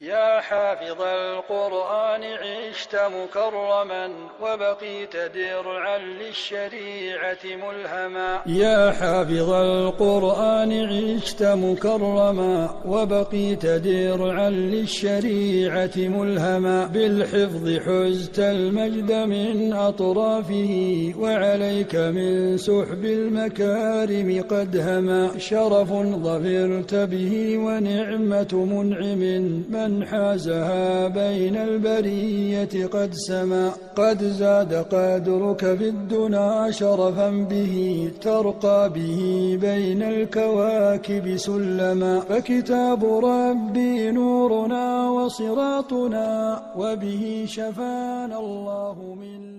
يا حافظ القرآن عشت مكرما وبقيت درعا للشريعة ملهما يا حافظ القرآن عشت مكرما وبقيت درعا للشريعة ملهما بالحفظ حزت المجد من أطرافه وعليك من سحب المكارم قد هما شرف ظفرت به ونعمة منعم من من حازها بين البرية قد سما قد زاد قدرك في الدنا شرفا به ترقى به بين الكواكب سلما فكتاب ربي نورنا وصراطنا وبه شفانا الله منا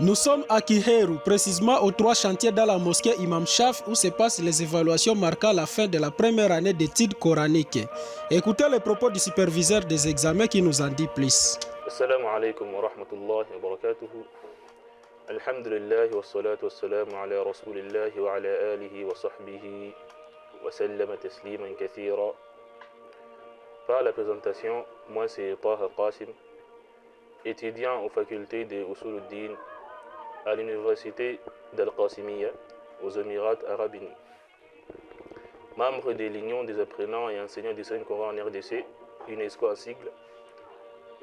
Nous sommes à Kiheru, précisément aux trois chantiers dans la mosquée Imam Shaf où se passent les évaluations marquant la fin de la première année d'études coraniques. Écoutez les propos du superviseur des examens qui nous en dit plus. Assalamu alaikum wa rahmatullahi wa barakatuhu. Alhamdulillah wa salatu wa salamu ala rasulillahi wa ala alihi wa sahbihi wa sallama tasliman kathira. Par la présentation, moi c'est Taha Qasim, étudiant aux facultés de Usuluddin à l'université d'Al-Qasimiya aux Émirats arabes unis. Membre de l'Union des apprenants et enseignants du saint courant en RDC, UNESCO en sigle,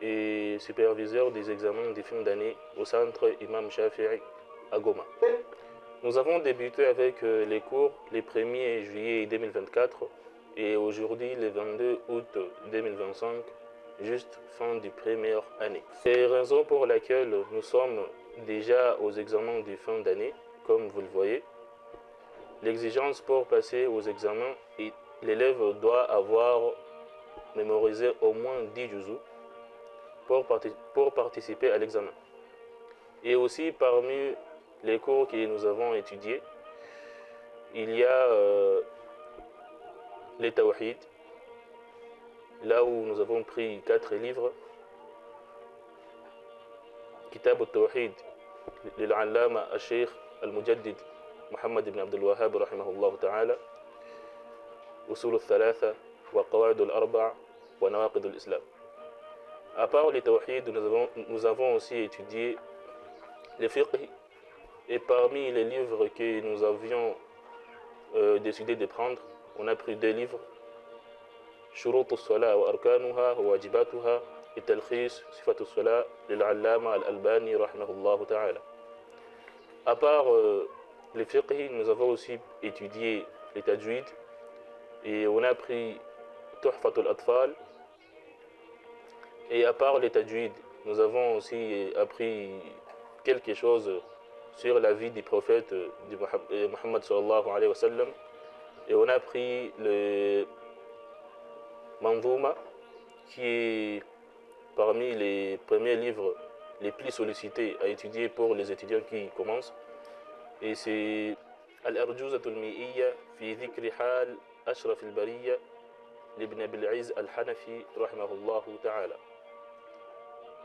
et superviseur des examens des films d'année au centre Imam Shafi'i à Goma. Nous avons débuté avec euh, les cours le 1er juillet 2024 et aujourd'hui le 22 août 2025, juste fin du première année. C'est la raison pour laquelle nous sommes déjà aux examens de fin d'année, comme vous le voyez. L'exigence pour passer aux examens, l'élève doit avoir mémorisé au moins 10 juzus pour, participer à l'examen. Et aussi parmi les cours que nous avons étudiés, il y a euh, les tawhid, là où nous avons pris quatre livres, Kitab al للعلامة الشيخ المجدد محمد بن عبد الوهاب رحمه الله تعالى أصول الثلاثة وقواعد الأربع ونواقد l'islam. À part les tawhid, nous avons, nous avons aussi étudié les fiqh et parmi les livres que nous avions euh, décidé de prendre, on a pris deux livres شروط الصلاة وأركانها وواجباتها et التلخيص صفة الصلاة al-albani, رحمه الله ta'ala. À part les euh, le fiqh, nous avons aussi étudié les tajwid et on a appris Tuhfat al-Atfal. Et à part les tajwid, nous avons aussi appris quelque chose sur la vie euh, du prophète euh, du Muhammad sallallahu alayhi wa sallam. Et on a appris le Manzouma qui est parmi les premiers livres les plus sollicités à étudier pour les étudiants qui commencent. Et c'est Al-Arjouza al-Mi'iyya fi dhikri hal Ashraf al-Bariya l'Ibn al-iz al-Hanafi rahimahullahu ta'ala.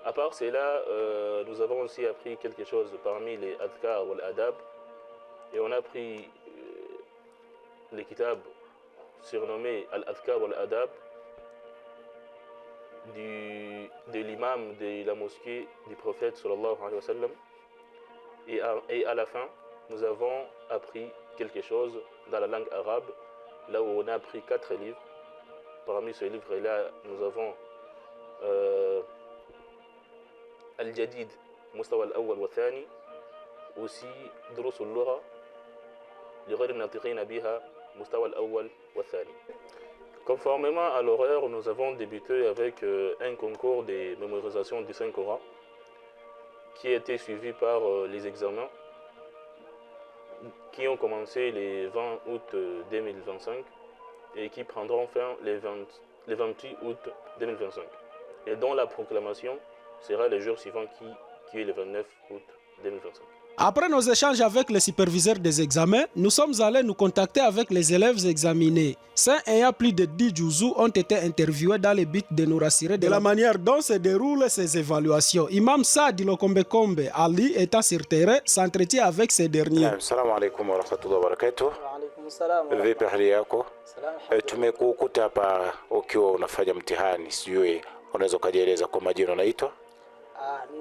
À part cela, euh, nous avons aussi appris quelque chose parmi les adkar ou adab, Et on a pris euh, les kitabs surnommés al-adkar ou Al-Adab » de l'imam de la mosquée du prophète sallallahu alayhi wa sallam. Et à, la fin, nous avons appris quelque chose dans la langue arabe, là où on a appris quatre livres. Parmi ces livres-là, nous avons euh, Al-Jadid, Mustawa al-Awwal wa Thani, aussi Durus al-Lura, لغير الناطقين بها مستوى الأول والثاني Conformément à l'horaire, nous avons débuté avec euh, un concours de mémorisation du Saint-Coran qui a été suivi par euh, les examens qui ont commencé le 20 août 2025 euh, et qui prendront fin le, 28 août 2025 et dont la proclamation sera le jour suivant qui, qui est le 29 août 2025. Après nos échanges avec les superviseurs des examens, nous sommes allés nous contacter avec les élèves examinés. Cinq ayant plus de 10 juzous ont été interviewés dans le but de nous rassurer de la manière dont se déroulent ces évaluations. Imam Saad Kombe Ali étant sur terrain, s'entretient avec ces derniers. vipi hali yako? tumekukuta hapa ukiwa unafanya mtihani, sijui unaweza kwa majina,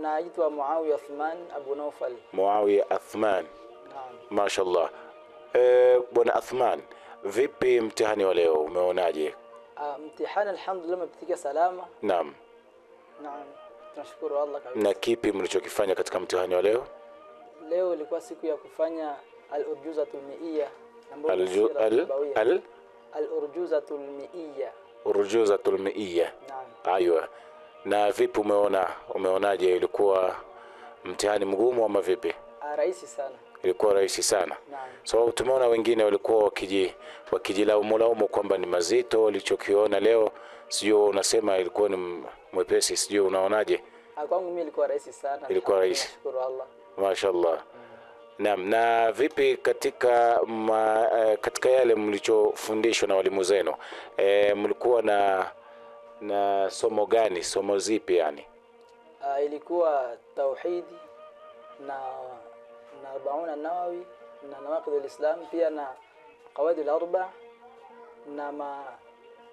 Naitwa Muawiya Athman Abu Naufal. Muawiya Athman. Naam. Mashallah. E, Bwana Athman, vipi mtihani wa leo umeonaje? Ah, mtihani alhamdulillah umepitika salama. Naam. Naam. Tunashukuru Allah kabisa. Na kipi mlichokifanya katika mtihani wa leo? Leo ilikuwa siku ya kufanya al-urjuzatul mi'iyya ambayo al-urjuzatul mi'iyya. Urjuzatul mi'iyya. Naam. Aywa. Na vipi, umeona umeonaje, ilikuwa mtihani mgumu ama vipi? Ah, rahisi sana. Ilikuwa rahisi sana so, tumeona wengine walikuwa wakiji wakijilaumulaumu kwamba ni mazito walichokiona leo, sijui unasema ilikuwa ni mwepesi, sijui unaonaje? Ah, kwangu mimi ilikuwa rahisi sana. Ilikuwa rahisi. Allah. Mashaallah. Mm. Naam, na vipi katika ma, eh, katika yale mlichofundishwa na walimu zenu e, mlikuwa na na somo gani? Somo zipi yani? Uh, ilikuwa tauhidi na na Arbauna Nawawi na Nawaqid al pia na qawaid al na ma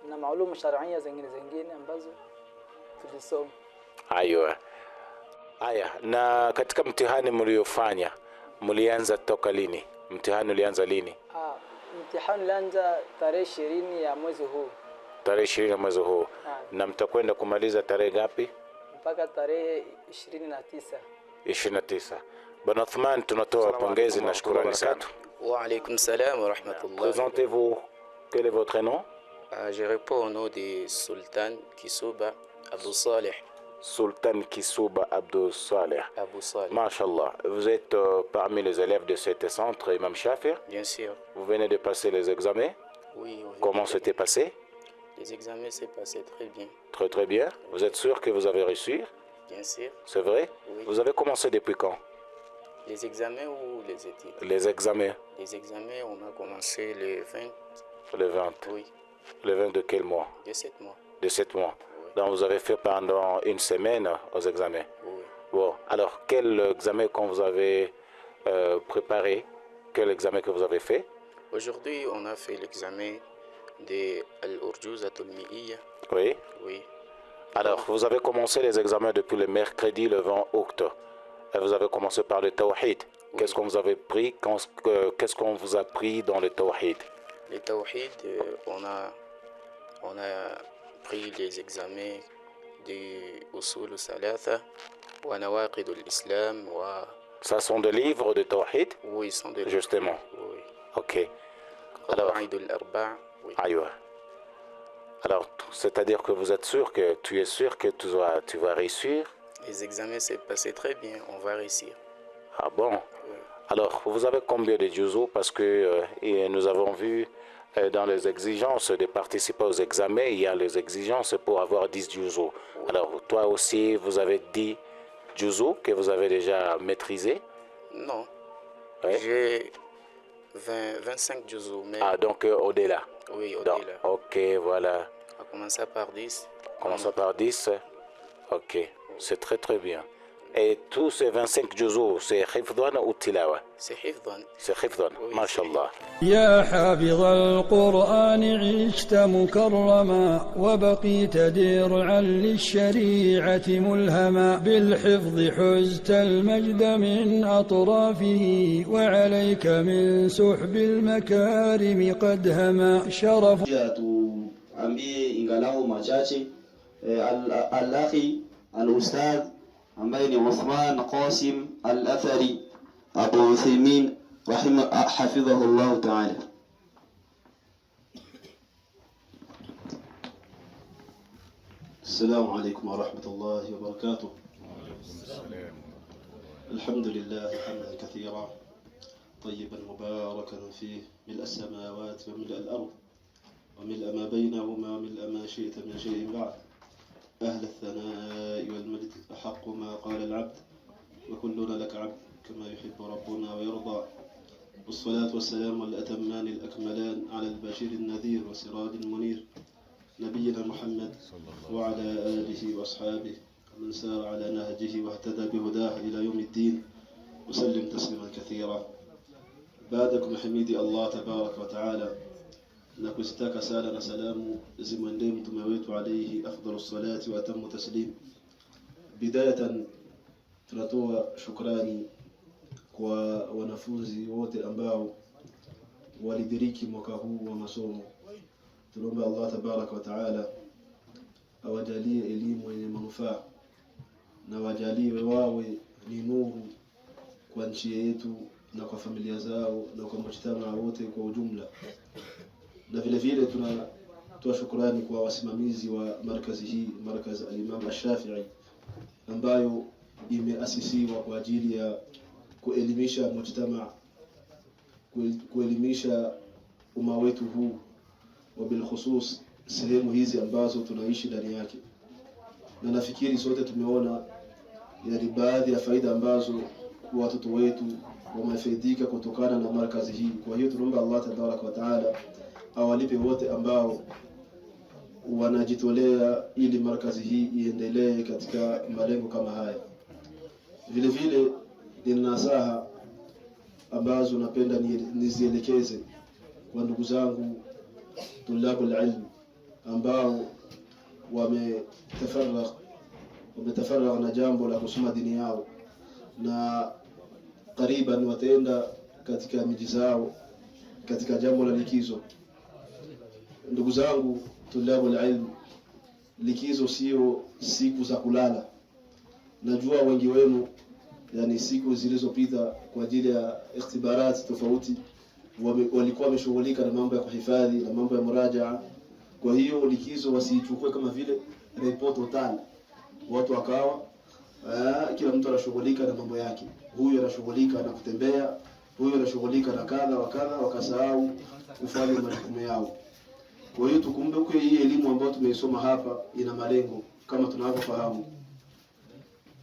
na maulumu sharia zingine zingine ambazo tulisoma. Aywa. Haya, na katika mtihani mliofanya mlianza toka lini? Mtihani ulianza lini? Ah, mtihani ulianza tarehe ishirini ya mwezi huu. tarehe ishirini ya mwezi huu na mtakwenda kumaliza tarehe ngapi? Mpaka tarehe ishirini na tisa. Ishirini na tisa. Bwana Uthman, tunatoa pongezi na shukrani sana. Wa alaykum salam wa rahmatullah. Présentez-vous. Quel est votre nom? Ah, je réponds au nom de Sultan Kisuba Abdou Saleh. Sultan Kisuba Abdou Saleh. Abdou Vous êtes euh, parmi les élèves de cet centre Imam Shafir? Bien sûr. Vous venez de passer les examens? Oui, oui. Comment s'était passé? Les examens s'est passé très bien. Très très bien. Vous êtes sûr que vous avez réussi Bien sûr. C'est vrai Oui. Vous avez commencé depuis quand Les examens ou les études Les examens. Les examens, on a commencé le 20. Le 20 Oui. Le 20 de quel mois De 7 mois. De 7 mois. Donc vous avez fait pendant une semaine aux examens Oui. Bon, alors quel examen quand vous avez euh, préparé Quel examen que vous avez fait Aujourd'hui, on a fait l'examen de Oui. Oui. Alors, vous avez commencé les examens depuis le mercredi le 20 octobre Et vous avez commencé par le Tawhid. Qu'est-ce qu'on vous avait pris Qu'est-ce qu'on vous a pris dans le Tawhid Le Tawhid, euh, on a, on a pris les examens de Usul Salatha, wa Nawaqid al-Islam, wa. Ça sont des livres de Tawhid Oui, ils sont des Justement. Oui. Ok. Alors. Ah, Alors, c'est-à-dire que vous êtes sûr que tu es sûr que tu vas, tu vas réussir Les examens s'est passé très bien, on va réussir. Ah bon Alors, vous avez combien de juzo Parce que euh, nous avons vu euh, dans les exigences de participer aux examens, il y a les exigences pour avoir 10 jusos. Alors, toi aussi, vous avez 10 juzo que vous avez déjà maîtrisé Non. J'ai 25 jusos. Mais... Ah, donc euh, au-delà oui, au Ok, voilà. On va commencer par 10. On commencer par 10. Ok, c'est très très bien. تو 25 جزء سي حفظا والتلاوة سي حفظا سي حفظا ما شاء الله يا حافظ القرآن عشت مكرما وبقيت درعا للشريعة ملهما بالحفظ حزت المجد من أطرافه وعليك من سحب المكارم قد هما شرف tuambie ingalau machache al-akhi ambaye عثمان قاسم الأثري أبو عثيمين رحمه حفظه الله تعالى السلام عليكم ورحمة الله وبركاته الحمد لله حمدا كثيرا طيبا مباركا فيه ملء السماوات وملء الأرض وملء ما بينهما ملء ما شئت من شيء بعد أهل الثناء والمجد أحق ما قال العبد وكلنا لك عبد كما يحب ربنا ويرضى والصلاة والسلام الأتمان الأكملان على البشير النذير وسراج المنير نبينا محمد وعلى آله وأصحابه ومن سار على نهجه واهتدى بهداه إلى يوم الدين وسلم تسليما كثيرا بعدكم حميدي الله تبارك وتعالى na kuzitaka sala na salamu zimwendee mtume wetu alayhi afdalu salati wa atamu taslim. Bidayatan, tunatoa shukrani kwa wanafunzi wote ambao walidiriki mwaka huu wa masomo. Tunaomba Allah tabaraka wa taala awajalie elimu yenye manufaa na wajaliwe wawe ni nuru kwa nchi yetu na kwa familia zao na kwa mujtamaa wote kwa ujumla na vile vile tunatoa shukrani kwa wasimamizi wa markazi hii, markaz Alimam Ashafii ambayo imeasisiwa kwa ajili ya kuelimisha mujtama, kuelimisha umma wetu huu wa bilkhusus sehemu hizi ambazo tunaishi ndani yake, na nafikiri sote tumeona yani baadhi ya faida ambazo watoto wetu wamefaidika kutokana na markazi hii. Kwa hiyo tunaomba Allah tabaraka wa taala awalipe wote ambao wanajitolea ili markazi hii iendelee katika malengo kama haya. Vile vile ni nasaha ambazo napenda nizielekeze kwa ndugu zangu tulabu alilm ambao wametafarag wametafarag na jambo la kusoma dini yao, na kariban wataenda katika miji zao katika jambo la likizo. Ndugu zangu tulabu lilmu likizo sio siku za kulala. Najua wengi wenu, yani siku zilizopita kwa ajili ya ikhtibarati tofauti, walikuwa wameshughulika na mambo ya kuhifadhi na mambo ya murajaa. Kwa hiyo likizo wasiichukue kama vile report watu wakawa aa, ah, kila mtu anashughulika na mambo yake, huyu anashughulika na kutembea, huyu anashughulika na kadha wakadha, wakasahau kufanya majukumu yao. Kwa hiyo tukumbuke hii elimu ambayo tumeisoma hapa ina malengo kama tunavyofahamu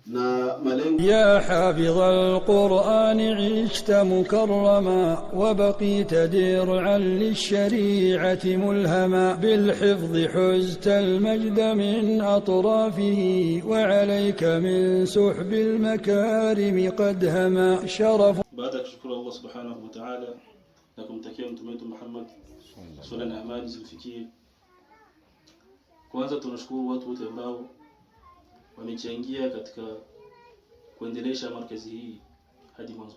na malengo ya hafidha alqurani ishta mukarrama wa baqita dir'an lishari'ati mulhama bilhifdhi huzta almajda min atrafihi wa alayka min suhbi almakarim qad hama sharaf baada kushukuru Allah subhanahu wa ta'ala na kumtakia mtume wetu Muhammad Swala na amani zitufikie. Kwanza tunashukuru watu wote ambao wamechangia katika kuendelesha markazi hii hadi mwanzo.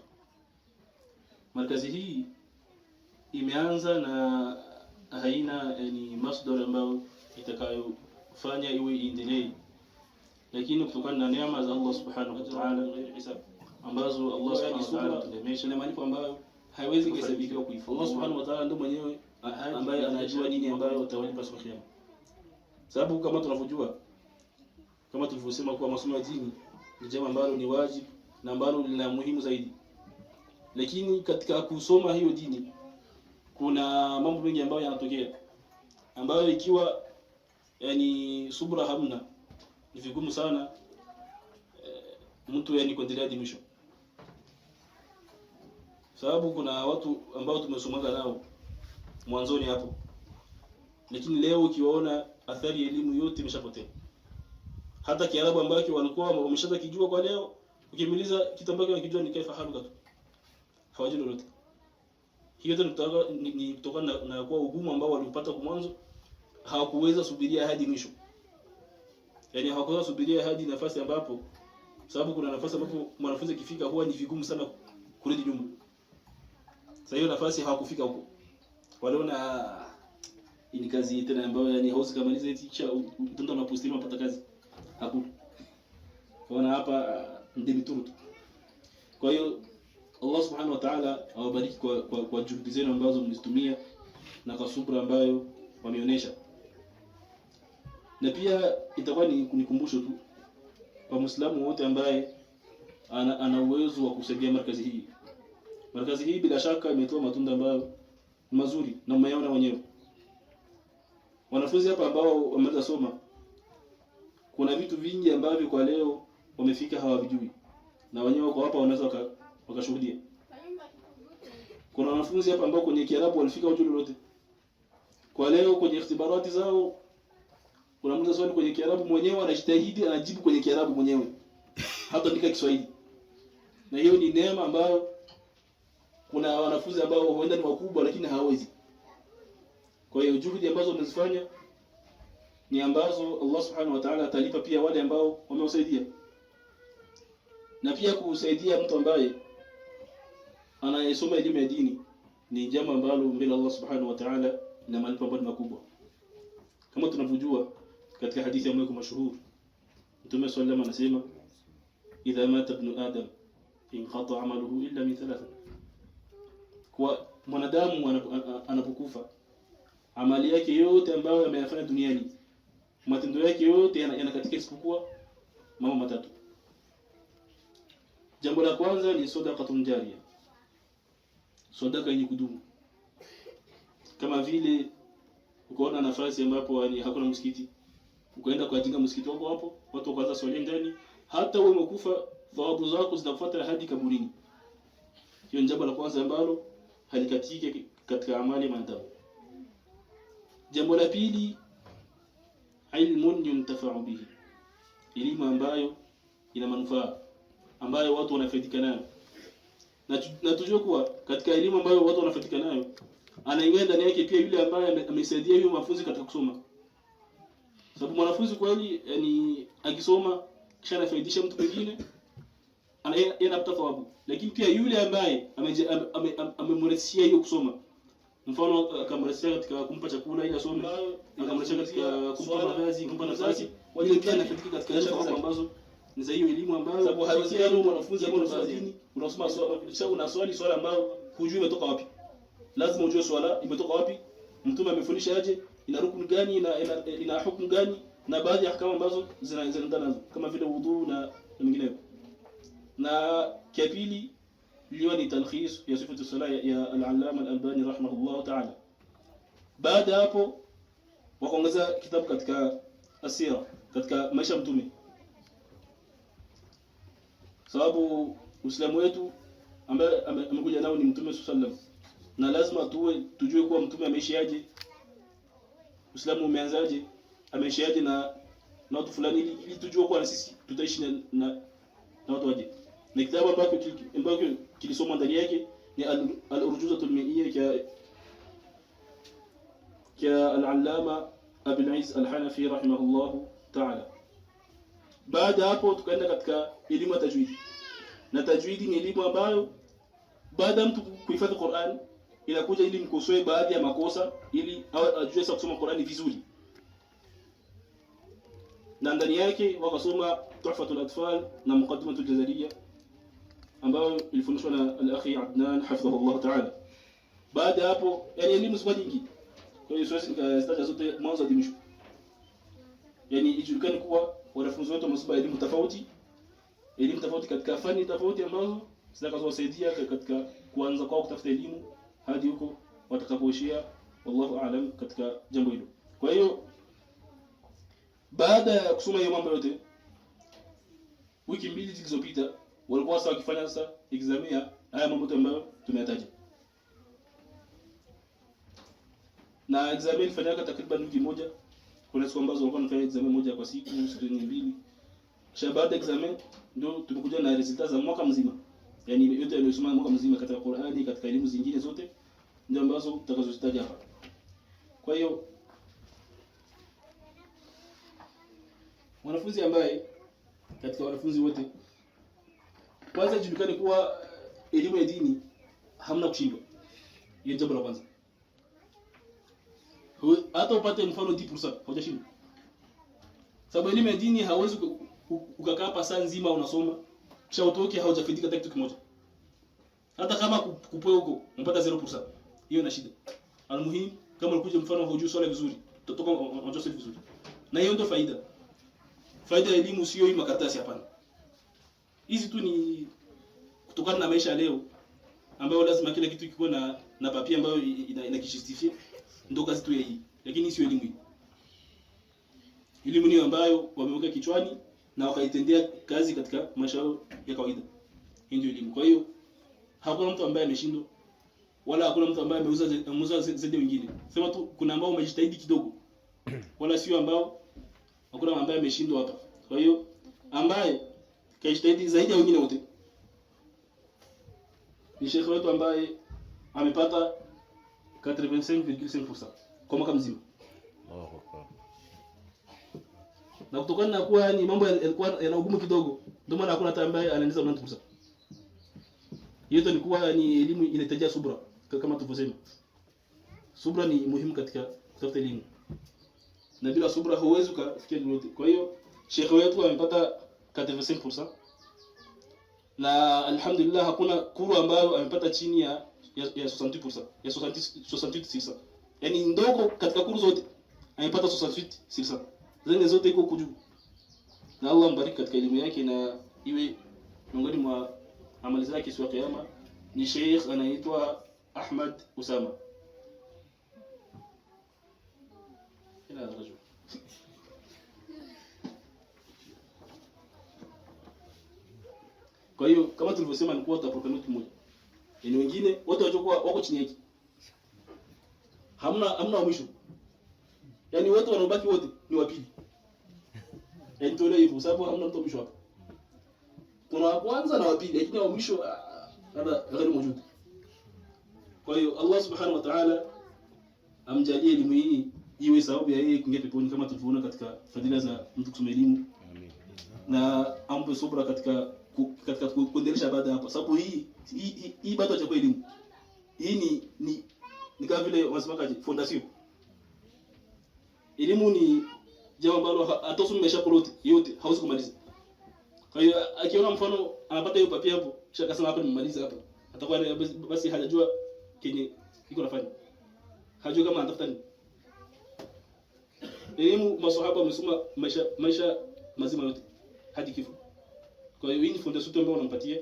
Markazi hii imeanza na haina yani masdar ambayo itakayofanya iwe iendelee, lakini kutokana na neema za Allah subhanahu wa ta'ala ambazo Allah subhanahu wa ta'ala tunemesha na malipo ambayo haiwezi kuhesabika kuifanya. Allah subhanahu wa ta'ala ndio mwenyewe ambaye anajua nini ambayo utawalipa siku ya Kiyama. Sababu kama tunavyojua, kama tulivyosema kuwa masomo ya dini ni jambo ambalo ni wajibu na ambalo ni la muhimu zaidi, lakini katika kusoma hiyo dini kuna mambo mengi ambayo yanatokea, ambayo ikiwa yani subra hamna, ni vigumu sana e, mtu yani kuendelea hadi mwisho, sababu kuna watu ambao tumesomaga nao mwanzoni hapo, lakini leo ukiwaona athari ya elimu yote imeshapotea. Hata Kiarabu ambacho walikuwa wameshaanza kijua kwa leo, ukimiliza kitu ambacho wanakijua ni kaifa kaifaharuka tu, hawajui lolote. Hiyo yote ni kutoka na, na kwa ugumu ambao waliupata kwa mwanzo, hawakuweza subiria hadi mwisho, yaani hawakuweza subiria hadi nafasi ambapo, sababu kuna nafasi ambapo mwanafunzi akifika huwa ni vigumu sana kurudi nyuma. Sasa hiyo nafasi hawakufika huko wala una ni kazi tena ambayo yani hausi kamaliza hizi cha mtoto anapostiri anapata kazi hakuna. Kwaona hapa uh, ndi mturutu. Kwa hiyo Allah subhanahu wa ta'ala awabariki kwa, kwa, kwa juhudi zenu ambazo mlizitumia na kwa subra ambayo wameonyesha. Na pia itakuwa ni kunikumbusho tu kwa Muislamu wote ambaye ana, ana uwezo wa kusaidia markazi hii. Markazi hii bila shaka imetoa matunda ambayo mazuri na umeyaona wenyewe. Wanafunzi hapa ambao wameweza soma, kuna vitu vingi ambavyo kwa leo wamefika hawavijui, na wenyewe kwa hapa wanaweza wakashuhudia. waka. Kuna wanafunzi hapa ambao kwenye Kiarabu walifika hujui lolote, kwa leo kwenye ikhtibarati zao unamuuliza swali kwenye Kiarabu mwenyewe anajitahidi anajibu kwenye Kiarabu mwenyewe, hata ndika Kiswahili, na hiyo ni neema ambayo kuna wanafunzi ambao huenda ni wakubwa lakini hawawezi. Kwa hiyo juhudi ambazo unazifanya ni ambazo Allah Subhanahu wa Ta'ala atalipa pia wale ambao wamewasaidia. na pia kusaidia mtu ambaye anayesoma elimu ya dini ni jambo ambalo mbele Allah Subhanahu wa Ta'ala na malipo ambayo makubwa, kama tunavyojua katika hadithi ambayo mashuhuri Mtume sallallahu alayhi wasallam anasema idha mata ibnu adam inqata amaluhu illa min thalatha kwa mwanadamu anapokufa, amali yake yote ambayo ameyafanya duniani, matendo yake yote yana katika isipokuwa mambo matatu. Jambo la kwanza ni sadaqatun jariya, sadaka yenye kudumu, kama vile ukaona nafasi ambapo yani hakuna msikiti, ukaenda kujenga msikiti wako hapo, watu wakaanza swali ndani, hata wewe umekufa, thawabu zako zitakufuata hadi kaburini. Hiyo ni jambo la kwanza ambalo halikatike katika amali maadamu. Jambo la pili, ilmun yuntafau bihi, elimu ambayo ina manufaa ambayo watu wanafaidika nayo. Na tujue kuwa katika elimu ambayo watu wanafaidika nayo anaingia ndani yake pia yule ambaye amesaidia hiyo mafunzo katika kusoma, sababu mwanafunzi kweli, eh, ni akisoma kisha anafaidisha mtu mwingine anapata thawabu, lakini pia yule ambaye amemrahisishia hiyo kusoma, mfano uh, akamrahisishia katika kumpa chakula ili asome, akamrahisishia katika kumpa mavazi, kumpa nafasi, ile pia inafatika katika sababu ambazo ni za hiyo elimu ambayo sababu haiwezi yale mwanafunzi ambao unasoma dini, unasoma swala, unaswali swala ambayo hujui imetoka wapi. Lazima ujue swala imetoka wapi, mtume amefundisha aje, ina rukun gani, ina ina, ina hukumu gani, na baadhi ya ahkamu ambazo zinaendana nazo kama vile wudhu na mengineyo na ya pili iliyo ni talkhis ya sifatu salah ya al-Allama al-Albani rahimahullah ta'ala. Baada hapo wakaongeza kitabu katika asira katika maisha Mtume, sababu Uislamu wetu ambaye amekuja nao ni Mtume sallam, na lazima tuwe tujue kuwa Mtume ameishiaje, Uislamu umeanzaje, ameishiaje na na watu fulani, ili tujue kuwa na sisi tutaishi na na watu wajibu الكتاب الباقي الباقي كل سوما دنيا كي الأرجوزة المئية ك كالعلامة أبي العز الحنفي رحمه الله تعالى بعد هapo تكلم كتك إلما تجويد نتجويد إلما بعد بعد أم تكويفة القرآن إلى كوجا إلما كوسوي بعد يا مكوسا إلى أجوزة سوما القرآن فيزولي نعم دنيا كي وقصوما تحفة الأطفال نمقدمة الجزرية ambayo ilifundishwa na al-akhi Adnan hafidhahullah ta'ala. Baada hapo, yani elimu sikuwa nyingi, kwa hiyo siwezi nikazitaja zote mwanzo hadi mwisho. Yani ijulikane kuwa wanafunzi wote wamesoma elimu tofauti, elimu tofauti katika fani tofauti ambazo zitakazowasaidia katika kuanza kwao kutafuta elimu hadi huko watakapoishia, wallahu aalam, katika jambo hilo. Kwa hiyo baada ya kusoma hiyo mambo yote, wiki mbili zilizopita walikuwa sasa wakifanya sasa examia haya mambo ambayo tumeyataja. Na exam ilifanyika takriban wiki moja. Kuna siku ambazo walikuwa wanafanya exam moja kwa siku, siku nyingine mbili. Kisha baada ya exam ndio tumekuja na results za mwaka mzima. Yaani yote yaliyosoma mwaka mzima katika Qur'ani, katika elimu zingine zote ndio ambazo tutakazozitaja hapa. Kwa hiyo mwanafunzi ambaye katika wanafunzi wote kwanza ijulikane kuwa eh, elimu ya dini hamna kushindwa. Hiyo jambo la kwanza. Hata upate mfano 10% hujashindwa. Sababu elimu ya dini hauwezi ukakaa hapa saa nzima unasoma kisha utoke haujafaidika hata kitu kimoja. Hata kama kupoe huko unapata 0%. Hiyo ina shida. Almuhimu kama ulikuja mfano hujui swala vizuri, tutoka unajua vizuri. Na hiyo ndio faida. Faida ya elimu sio hii makaratasi hapana. Hizi tu ni kutokana na maisha leo ambayo lazima kila kitu kikuwe na na papi ambayo inakijustifia ina, ndio kazi tu ya hii, lakini sio elimu. Elimu ni ambayo wameweka kichwani na wakaitendea kazi katika maisha yao ya kawaida. Hii ndio elimu. Kwa hiyo hakuna mtu ambaye ameshindwa wala hakuna mtu ambaye ameuza muuza zaidi wengine. Sema tu kuna ambao umejitahidi kidogo. Wala sio ambao hakuna ambaye ameshindwa hapa. Kwa hiyo ambaye kajitahidi zaidi ya wengine wote. Ni shekhe wetu ambaye amepata 85.5% kwa mwaka mzima. Na kutokana na kuwa yani mambo yalikuwa yana ugumu kidogo, ndio maana hakuna hata ambaye anaendeza mlango mzima. Yote ni kuwa ni elimu inahitaji subra kama tulivyosema. Subra ni muhimu katika kutafuta elimu. Na bila subra huwezi kufikia lolote. Kwa hiyo shekhe wetu amepata 85%, na alhamdulillah hakuna kuru ambayo amepata chini ya ya, ya 60% ya 66 yani ndogo katika kuru zote amepata 68% zenye zote iko kujuu, na Allah mbariki katika elimu yake na iwe miongoni mwa amali zake siku ya kiyama. Ni Sheikh anaitwa Ahmad Usama. Kwa hiyo kama tulivyosema ni quarter mtu mmoja. Yaani wengine wote wachokuwa wako chini yake. Hamna hamna mwisho. Yaani wote wanaobaki wote ni wapili. Yaani toleo hivyo sababu hamna mtu mwisho hapa. Kuna wa kwanza na wa pili lakini wa mwisho ah, labda ghairi mujudi. Kwa hiyo Allah Subhanahu wa Ta'ala amjalie elimu hii iwe sababu ya yeye kuingia peponi kama tulivyoona katika fadhila za mtu kusoma elimu. Amin. Na ampe subra katika katika kuendelesha baada hapo, sababu hii hii hii bado haijakuwa elimu. Hii ni ni ni kama vile wasimakaji fondation. Elimu ni jambo ambalo hata usomi maisha yako yote hauwezi kumaliza. Kwa hiyo akiona mfano anapata hiyo papia hapo, kisha akasema hapa nimemaliza hapa, atakuwa basi hajajua kenye iko nafanya, hajui kama anatafuta nini. Elimu, maswahaba wamesoma maisha maisha mazima yote hadi kifo. Kwa hiyo hii ni fundisho tu ambayo unampatia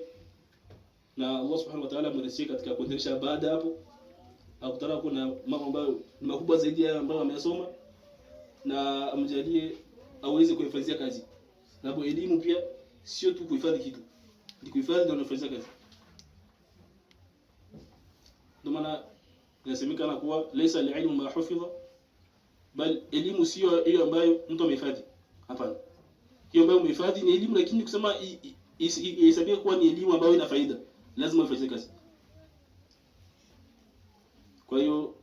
na Allah Subhanahu wa Ta'ala amwelekee katika kuendelesha baada hapo akutana kuna mambo ambayo ni makubwa zaidi ya ambayo ameyasoma na amjalie aweze kuhifadhia kazi. Na kwa elimu pia sio tu kuhifadhi kitu. Ni kuhifadhi na kuhifadhia kazi. Ndio maana na kuwa laysa al-ilmu ma hufidha bal elimu sio hiyo ambayo mtu amehifadhi. Hapana hiyo ambayo umehifadhi ni elimu, lakini kusema ihesabia kuwa ni elimu ambayo ina faida, lazima ifanyike kazi. Kwa hiyo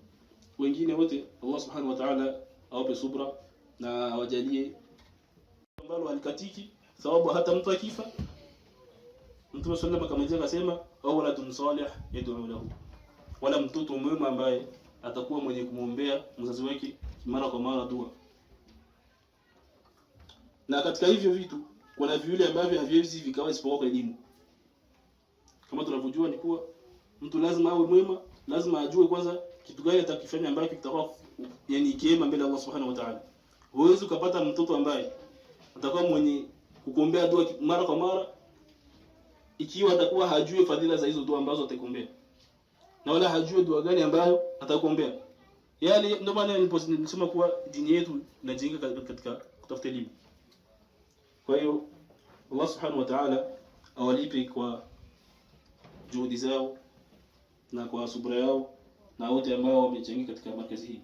wengine wote Allah subhanahu wa ta'ala awape subra na awajalie ambalo alikatiki sababu hata mtu akifa Mtume sallallahu alayhi wasallam akasema, au waladun salih yad'u lahu, wala mtoto mwema ambaye atakuwa mwenye kumwombea mzazi wake mara kwa mara dua. Na katika hivyo vitu kuna viwili ambavyo haviwezi vikawa isipokuwa kwa elimu. Kama tunavyojua ni kuwa mtu lazima awe mwema, lazima ajue kwanza kitu gani atakifanya ambacho kitakuwa yani kiema mbele Allah Subhanahu wa Ta'ala. Huwezi ukapata mtoto ambaye atakuwa mwenye kukombea dua mara kwa mara ikiwa atakuwa hajui fadhila za hizo dua ambazo atakombea na wala hajui dua gani ambayo atakombea. Yale ndio maana niliposema kuwa dini yetu inajenga katika kutafuta elimu. Kwa hiyo Allah subhanahu wa ta'ala awalipe kwa juhudi zao na kwa subra yao na wote ambao wamechangia katika markazi hii.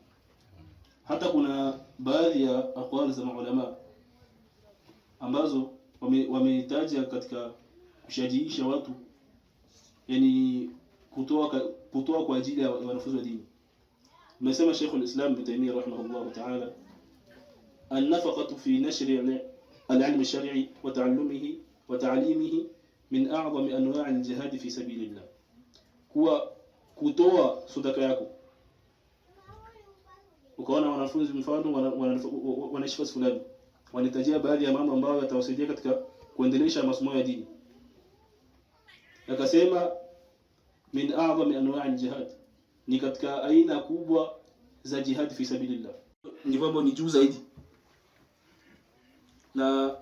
Hata kuna baadhi ya aqwali za maulama ambazo wametaja wame katika kushajiisha watu, yani kutoa kutoa kwa ajili ya wanafunzi wa dini. Amesema Sheikh al-Islam Ibn Taymiyyah rahimahullah ta'ala, an-nafaqatu fi nashri al-ilm ash-shar'i wa ta'allumihi wa ta'limihi min a'zami anwa' al-jihad fi sabilillah, kuwa kutoa sadaka yako. Ukaona wanafunzi mfano wanaishi fasi fulani, wanahitajia baadhi ya mambo ambayo yatawasaidia katika kuendelesha masomo ya dini, akasema min a'zami anwa' al-jihad, ni katika aina kubwa za jihad fi sabilillah, ndivyo ni juu zaidi na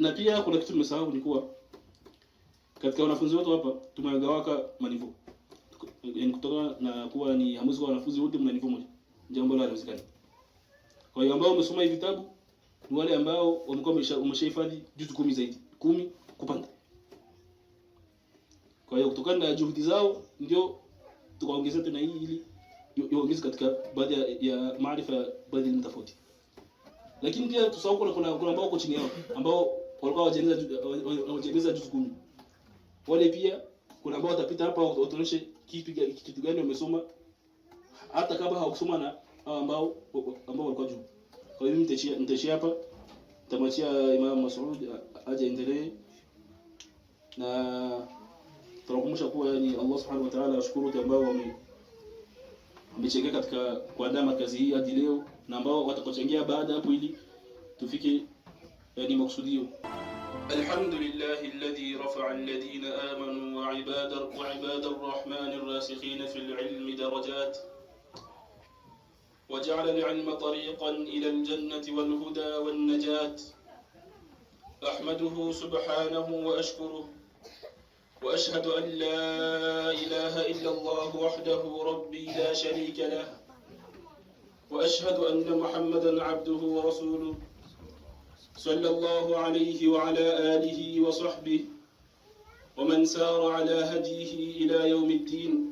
na pia kuna kitu nimesahau ni kuwa katika wanafunzi wote hapa tumegawaka manivo, yaani kutokana na kuwa ni hamwezi kwa wanafunzi wote mna nivo moja, jambo la haliwezekani. Kwa hiyo ambao wamesoma hivi vitabu ni wale ambao wamekuwa wameshahifadhi juzu kumi zaidi, kumi kupanda. Kwa hiyo kutokana na juhudi zao ndio tukaongeza tena hii ili iongeze katika baadhi ya maarifa baadhi ya mtafauti. Lakini pia tusahau kuna kuna kuna ambao wako chini yao ambao walikuwa wajeneza juzu kumi. Wale pia kuna ambao watapita hapa watuoneshe kitu kitu gani wamesoma hata kama hawakusoma na ambao ambao walikuwa juu. Kwa hiyo nitaishia nitaishia hapa, nitamwachia Imam Mas'ud aje endelee na tunakumbusha kuwa yani Allah Subhanahu wa Ta'ala ashukuru wote ambao wame wamechangia katika kuandaa makazi hii hadi leo na ambao watakochangia baada hapo ili tufike yani maksudio. الحمد لله الذي رفع الذين آمنوا وعباد وعباد الرحمن الراسخين في العلم درجات وجعل العلم طريقا إلى الجنة والهدى والنجاة أحمده سبحانه وأشكره وأشهد أن لا إله إلا الله وحده ربي لا شريك له وأشهد أن محمدا عبده ورسوله صلى الله عليه وعلى آله وصحبه ومن سار على هديه إلى يوم الدين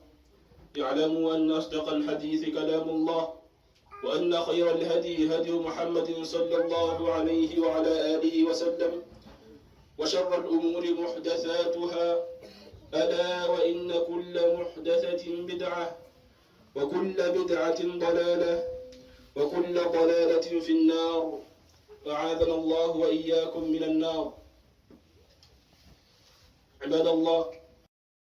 اعلموا أن أصدق الحديث كلام الله وأن خير الهدي هدي محمد صلى الله عليه وعلى آله وسلم وشر الأمور محدثاتها ألا وإن كل محدثة بدعة وكل بدعة ضلالة وكل ضلالة في النار أعاذنا الله وإياكم من النار عباد الله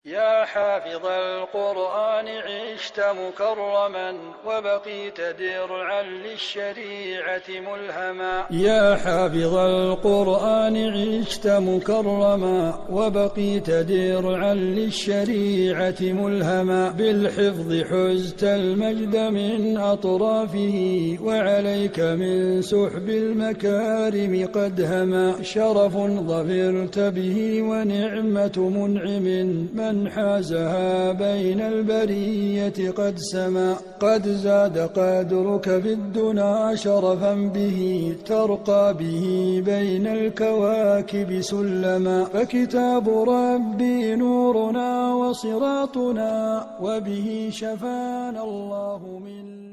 يا حافظ القرآن عشت مكرما وبقيت درعا للشريعة ملهما يا حافظ القرآن عشت مكرما وبقيت درعا للشريعة ملهما بالحفظ حزت المجد من أطرافه وعليك من سحب المكارم قد هما شرف ظفرت به ونعمة منعم من من حازها بين البرية قد سما قد زاد قدرك في الدنا شرفا به ترقى به بين الكواكب سلما فكتاب ربي نورنا وصراطنا وبه شفانا الله من